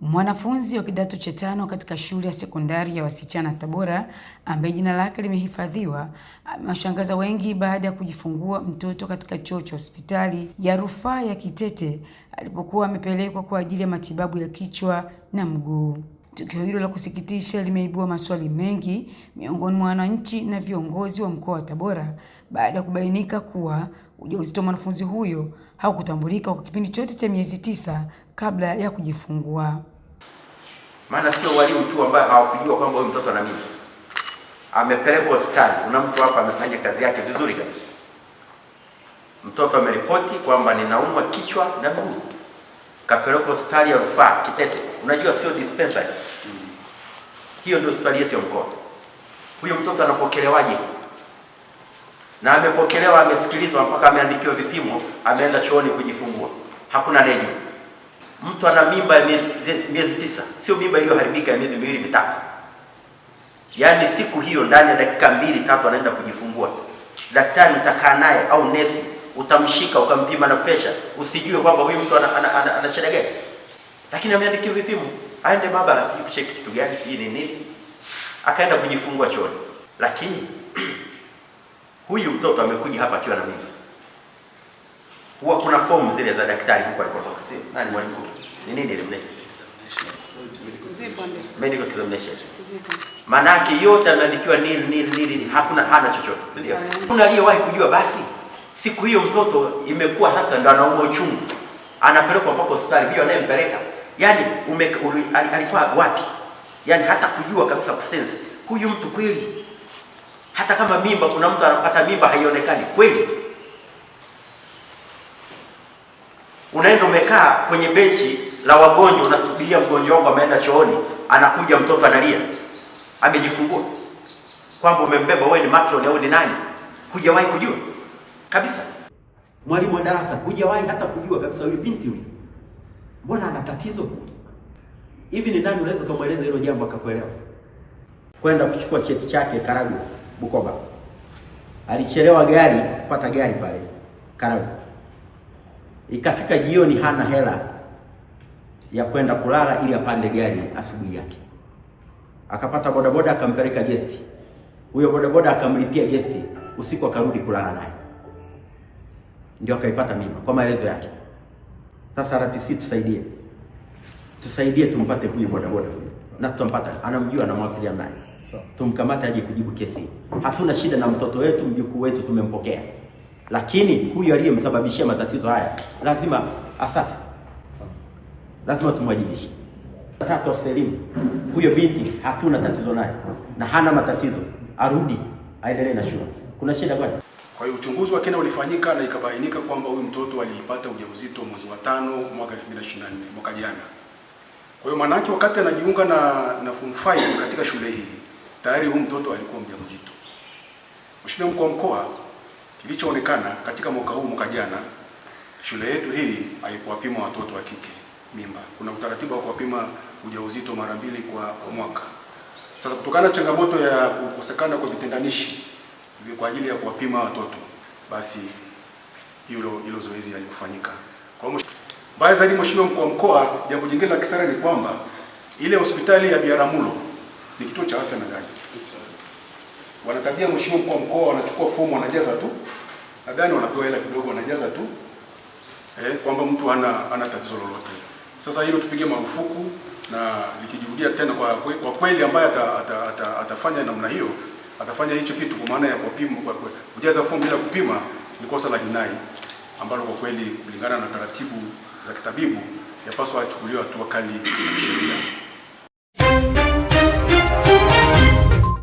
Mwanafunzi wa kidato cha tano katika shule ya sekondari ya wasichana Tabora ambaye jina lake limehifadhiwa amewashangaza wengi baada ya kujifungua mtoto katika choo cha hospitali ya rufaa ya Kitete alipokuwa amepelekwa kwa ajili ya matibabu ya kichwa na mguu. Tukio hilo la kusikitisha limeibua maswali mengi miongoni mwa wananchi na viongozi wa mkoa wa Tabora baada ya kubainika kuwa ujauzito wa mwanafunzi huyo haukutambulika kwa kipindi chote cha miezi tisa kabla ya kujifungua. Maana sio walimu tu ambao hawakujua kwamba huyu mtoto ana mimba, amepelekwa hospitali. Kuna mtu hapa amefanya kazi yake vizuri kabisa. Mtoto ameripoti kwamba ninaumwa kichwa na mguu kapelekwa hospitali ya rufaa Kitete, unajua sio dispensary hiyo ndio hospitali yetu ya mkoa. Huyo mtoto anapokelewaje? Na amepokelewa amesikilizwa, mpaka ameandikiwa vipimo, ameenda chooni kujifungua, hakuna nejo. Mtu ana mimba ya miezi tisa, sio mimba iliyoharibika ya miezi miwili mitatu, yaani siku hiyo, ndani ya dakika mbili tatu anaenda kujifungua. Daktari mtakaa naye au nesi utamshika ukampima na pesha, usijue kwamba huyu mtu ana, ana, ana, ana shida gani, lakini ameandikiwa vipimo, aende maabara, sijui kucheki kitu gani, sijui ni nini, akaenda kujifungua chooni. Lakini huyu mtoto amekuja hapa akiwa na mimi Huwa kuna fomu zile za daktari huko alikotoka, si nani, mwalimu ni nini ile mle medical examination maanake yote ameandikiwa nil nil nil, hakuna hana chochote, si ndio? Kuna aliyewahi kujua basi Siku hiyo mtoto imekuwa hasa ndo anaumwa uchungu, anapelekwa mpaka hospitali. Hiyo anayempeleka yani alitoa wapi? Yani hata kujua kabisa kusense huyu mtu kweli, hata kama mimba, kuna mtu anapata mimba haionekani kweli. Unaenda umekaa kwenye benchi la wagonjwa, unasubiria mgonjwa wako ameenda chooni, anakuja mtoto analia, amejifungua, kwamba umembeba wewe ni matroni au ni nani? Hujawahi kujua kabisa. Mwalimu wa darasa hujawahi hata kujua kabisa huyu binti yule, mbona ana tatizo hivi. Ni nani unaweza ukamweleza hilo jambo akakuelewa? Kwenda kuchukua cheti chake Karagwe, Bukoba, alichelewa gari kupata gari pale Karagwe, ikafika jioni, hana hela ya kwenda kulala ili apande gari asubuhi yake, akapata bodaboda akampeleka gesti. Huyo bodaboda akamlipia gesti, usiku akarudi kulala naye ndio akaipata mimba kwa maelezo yake. Sasa RPC tusaidie, tusaidie tumpate huyu bodaboda huyu, na tutampata, anamjua, anamwasiliana naye so. Tumkamate aje kujibu kesi. Hatuna shida na mtoto wetu, mjukuu wetu tumempokea, lakini huyu aliyemsababishia matatizo haya lazima asafi so. Lazima tumwajibishe. Tatu Selim, huyo binti hatuna tatizo naye na hana matatizo, arudi aendelee na shule. Kuna shida kwani? Kwa hiyo uchunguzi wa kina ulifanyika na ikabainika kwamba huyu mtoto aliipata ujauzito mwezi wa tano mwaka 2024 mwaka jana. Kwa hiyo maanake wakati anajiunga na na form 5 katika shule hii tayari huyu mtoto alikuwa mjamzito. Mheshimiwa mkuu wa mkoa, kilichoonekana katika mwaka huu mwaka jana shule yetu hii haikuwapima watoto wa kike mimba. Kuna utaratibu wa kuwapima ujauzito mara mbili kwa, kwa mwaka. Sasa kutokana na changamoto ya kukosekana kwa vitendanishi ni kwa ajili ya kuwapima watoto, basi hilo hilo zoezi halikufanyika. Kwa hiyo mbaya zaidi, mheshimiwa mkuu wa mkoa, jambo jingine la kisara ni kwamba ile hospitali ya Biaramulo ni kituo cha afya na Nang'anya. Wanatabia mheshimiwa mkuu wa mkoa, wanachukua fomu wanajaza tu, nadhani wanapewa hela kidogo, wanajaza tu eh, kwamba mtu ana ana tatizo lolote. Sasa hilo tupige marufuku na likijirudia tena, kwa kwa kweli ambaye atafanya ata, ata, ata namna hiyo atafanya hicho kitu kwa maana ya kupima, kwa kujaza fomu bila kupima ni kosa la jinai ambalo kwa kweli kulingana na taratibu za kitabibu yapaswa achukuliwe hatua kali za